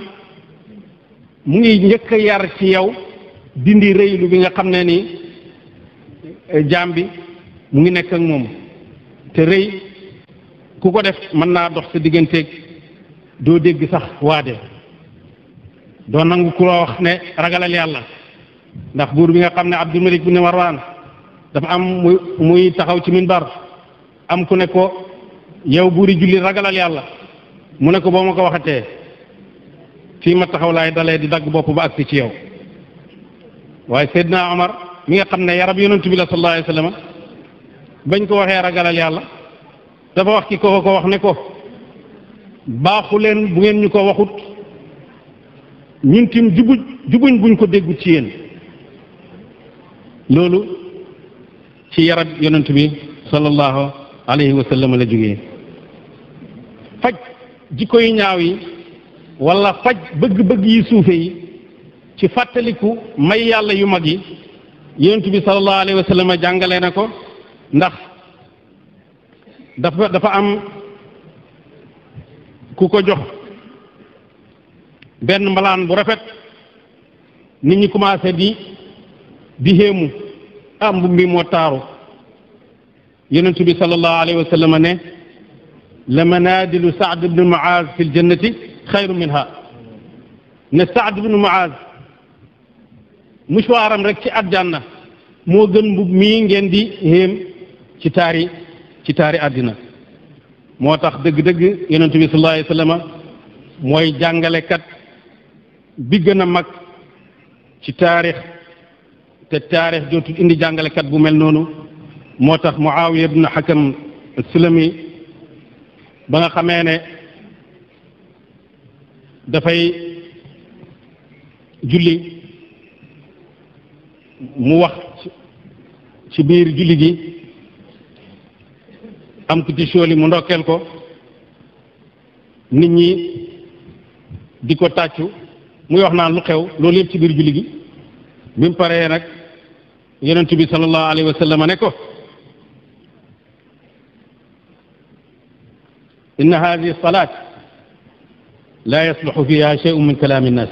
mu ngi njëkk a yar ci yow dindi rëylu bi nga xam ne ni eh, jaam bi mu ngi nekk ak moom te rëy ku ko def mën naa dox sa digganteeg doo dégg sax waade doo nangu ku la wax ne ragalal yàlla ndax buur bi nga xam ne Abdul Malik bin Marwan dafa am muy muy taxaw ci min minbar am ku ne ko yow buuri julli ragalal yàlla mu ne ko boo ma ko waxatee fii ma taxaw laay dalee di dagg bopp ba ak ci yow waaye Seydina Omar mi nga xam ne yarab yonent bi la sallallahu alayhi wa sallam bañ ko waxee ragalal yàlla dafa wax ki wax ne ko baaxu leen bu ngeen ñu ko waxut ñun tim jubu jubuñ buñ ko déggut ci yéen loolu ci yarab yonent bi sallallahu alayhi wa sallam la jógee faj jikko yu ñaaw yi wala faj bëgg-bëgg yi suufe yi ci fàttaliku may yàlla yu mag yi yonent bi sallallahu alayhi wa sallam jàngale na ko ndax dafa dafa am ku ko jox benn mbalaan bu rafet nit ñi commencé di di xéemu am mbubb mi moo taaru yonent bi sallallahu alayhi wa sallam ne la manadilu saad ibnu muaz fi ljannati خير منها ن سعد بن معاذ مشوارم رك سي الجنه مو گن مي نين دي هيم سي تاري سي تاري ادنا موتاخ دغ دغ يونتو صلى الله عليه وسلم موي جانغالي كات بي گنا ماك سي تاريخ تي تاريخ جوت اندي جانغالي كات بو مل نونو موتاخ معاويه بن حكم السلمي با خامي dafay julli mu wax ci biir julli gi am ku ci mu ndokkeel ko nit ñi di ko tàccu muy wax naan lu xew loolu yëpp ci biir julli gi bi mu paree nag yonent bi sallallahu alayhi wa ne ko inna hadihi salaat لا يصلح فيها شيء من كلام الناس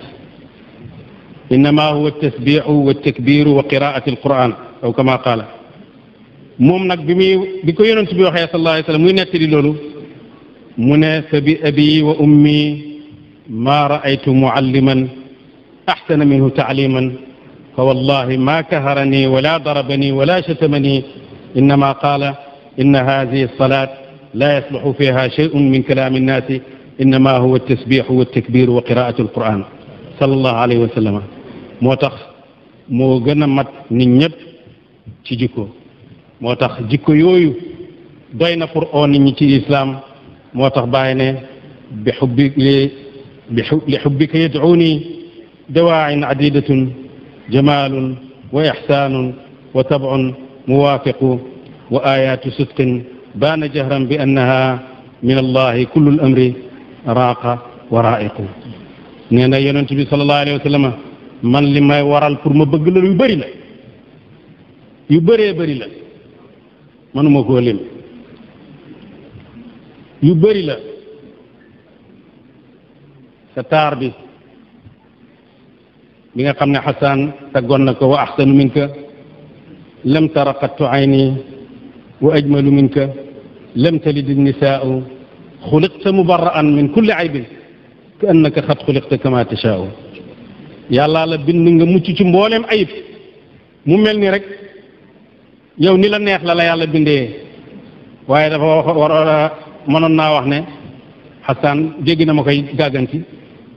إنما هو التسبيح والتكبير وقراءة القرآن أو كما قال مومنا بمي بكو يونس بيوخي صلى الله عليه وسلم وين نتري لولو من فبأبي وأمي ما رأيت معلما أحسن منه تعليما فوالله ما كهرني ولا ضربني ولا شتمني إنما قال إن هذه الصلاة لا يصلح فيها شيء من كلام الناس إنما هو التسبيح والتكبير وقراءة القرآن صلى الله عليه وسلم موتخ مو غنى مات نينيب تي جيكو موتخ جيكو يويو دوينا قرآن نيتي الإسلام موتخ بايني بحب لحبك يدعوني دواع عديدة جمال وإحسان وطبع موافق وآيات صدق بان جهرا بأنها من الله كل الأمر راق ورائق نينا يونتبي صلى الله عليه وسلم من لي ماي ورال بور ما بغ لا يو لا يو بري لا من مكو لين يو لا ستار بي ميغا خامني حسان تا غونناكو واحسن منك لم ترقت عيني واجمل منك لم تلد النساء خلقت مبرأ من كل عيب كأنك قد خلقت كما تشاء yàlla la bind nga mucc ci mbooleem ayib mu mel ni rek yow ni la neex la la yàlla bindee waaye dafa wax waroon a mënoon naa wax ne xasaan jéggi na ma koy gàgganti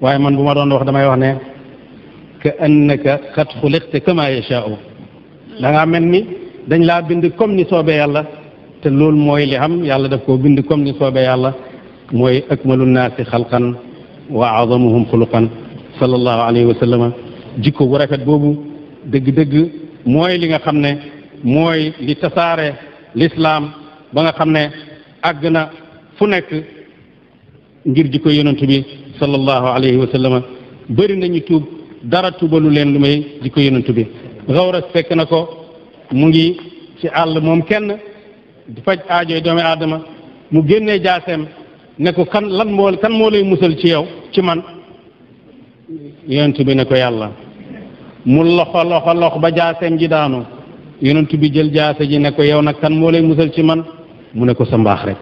waaye man bu ma doon wax damay wax ne ka annaka xat xuliqte kama yashaau da ngaa mel ni dañ laa bind comme ni soobee yàlla te loolu mooy li xam yàlla daf koo bind comme ni soobee yàlla mooy akmalu naasi xalqan wa azamuhum xuluqan sallallahu alayhi wa sallam jikko bu rafet boobu dëgg-dëgg mooy li nga xam ne mooy li tasaare lislaam ba nga xam ne àgg na fu nekk ngir jikko yonent bi sallallahu alayhi wa sallam bëri nañu tuub dara tuubalu leen lu may jikko yonent bi xawras fekk na ko mu ngi ci àll moom kenn di faj aajoy doomi aadama mu génnee jaaseem ne ko kan lan moo kan moo lay musal ci yow ci man yonent bi ne ko yàlla mu loxo loxo lox ba jaaseem ji daanu yonent bi jël jaase ji ne ko yow nag kan moo lay musal ci man mu ne ko sa mbaax rek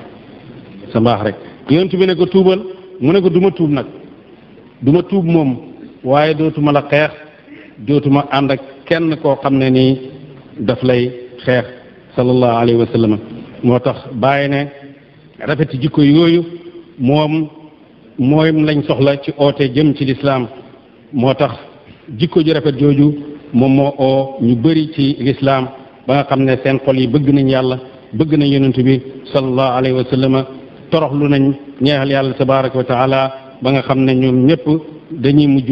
sa mbaax rek yonent bi ne ko tuubal mu ne ko du ma tuub nag du ma tuub moom waaye dootuma la xeex dootuma ànd kenn koo xam ne nii daf lay xeex sallallahu alayhi wa moo tax bàyyi ne rafeti jikko yooyu moom moom lañ soxla ci oote jëm ci lislaam moo tax jikko ju rafet jooju moom moo oo ñu bëri ci lislaam ba nga xam ne seen xol yi bëgg nañ yàlla bëgg nañ yonent bi sallallahu alayhi wa sallam toroxlu nañ ñeexal yàlla tabaraka wa taala ba nga xam ne ñoom ñëpp dañuy mujj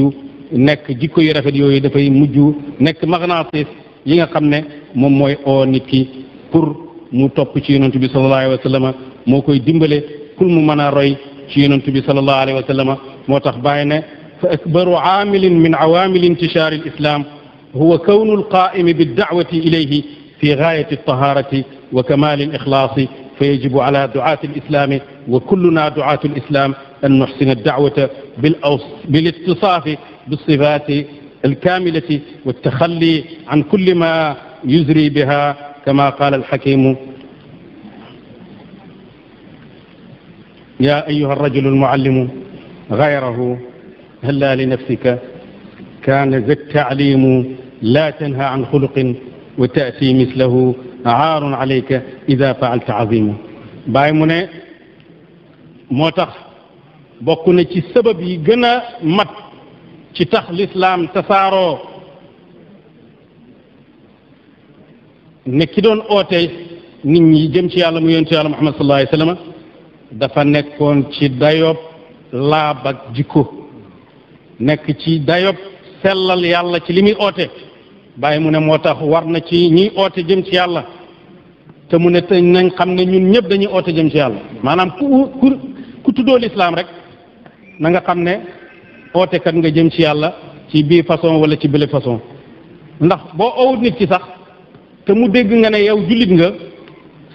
nekk jikko yu rafet yooyu dafay mujj nekk magnatis yi nga xam ne moom mooy oo nit ki pour mu topp ci yonent bi sallallahu alayhi wa sallam moo koy dimbale كل من روي شيء نبي صلى الله عليه وسلم متخبئنا فأكبر عامل من عوامل انتشار الإسلام هو كون القائم بالدعوة إليه في غاية الطهارة وكمال الإخلاص فيجب على دعاة الإسلام وكلنا دعاة الإسلام أن نحسن الدعوة بالاتصاف بالصفات الكاملة والتخلي عن كل ما يزري بها كما قال الحكيم يا أيها الرجل المعلم غيره هلا لنفسك كان ذا التعليم لا تنهى عن خلق وتأتي مثله عار عليك إذا فعلت عظيم باي موني موتخ بكون تي سبب يغنى مات تي تخ الإسلام تسارو نكدون أوتي نيني جمشي على ميونتي على محمد صلى الله عليه وسلم dafa nekkoon ci dayob laab ak jikko nekk ci dayob sellal yàlla ci li muy oote bàyyi mu ne moo tax war na ci ñiy oote jëm ci yàlla te mu ne te nañ xam ne ñun ñëpp dañuy oote jëm ci yàlla maanaam ku ku ku tuddoo lislaam rek na nga xam ne ootekat nga jëm ci yàlla ci bii façon wala ci bële façon ndax boo owut nit ci sax te mu dégg nga ne yow jullit nga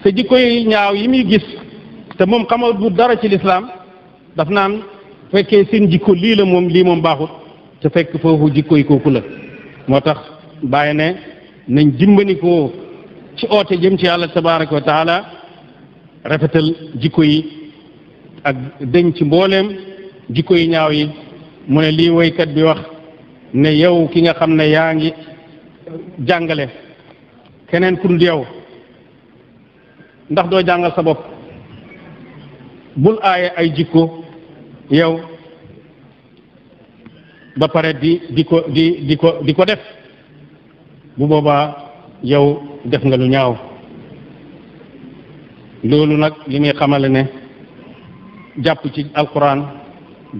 sa jikko yi ñaaw yi muy gis te moom xamal bu dara ci lislaam daf naan fekkee seen jikko lii la moom lii moom baaxut te fekk foofu jikko yi kooku la moo tax bàyyi ne nañ dimbanikoo ci oote jëm ci yàlla tabaraka wa taala rafetal jikko yi ak dëñ ci mbooleem jikko yi ñaaw yi mu ne lii woykat bi wax ne yow ki nga xam ne yaa ngi jàngale keneen ku dul yow ndax doo jàngal sa bopp bul aaye ay jikko yow ba pare di di ko di di ko di ko def bu boobaa yow def nga lu ñaaw loolu nag li muy xamale ne jàpp ci alquran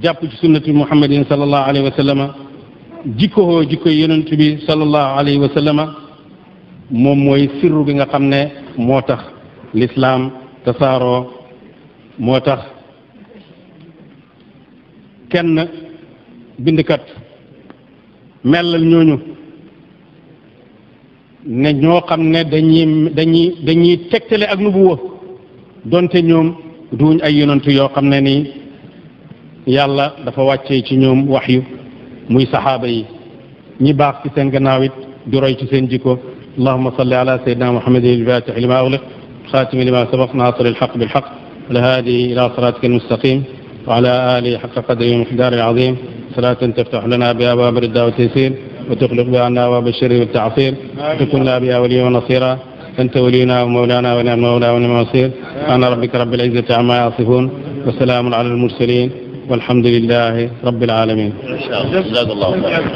jàpp ci sunnati muhammadin sallallahu alayhi wa sallama jikkoo jikko yonent bi sallallahu alayhi wa sallama moom mooy sirru gi nga xam ne moo tax lislaam tasaaroo موتاخ كن بندكات مال نيو نيو ني ньо خامن داني داني داني تكتلي اك نبوو دونتي نيوم دون اي يونتو يو خامن ني يالا دا فا واتي سي نيوم وحيو موي صحابه ني باخ سي سن غناويت دي روي سي سن جيكو اللهم صل على سيدنا محمد الفاتح لما اغلق خاتم لما سبق ناصر الحق بالحق الهادي إلى صراطك المستقيم وعلى آله حق قدره ومقداره العظيم صلاة تفتح لنا بأبواب الرداء والتيسير وتخلق بها عنا أبواب الشر والتعصير وتكلنا بها وليا ونصيرا أنت ولينا ومولانا ونعم المولى ونعم المصير أنا ربك رب العزة عما يصفون وسلام على المرسلين والحمد لله رب العالمين. إن شاء الله.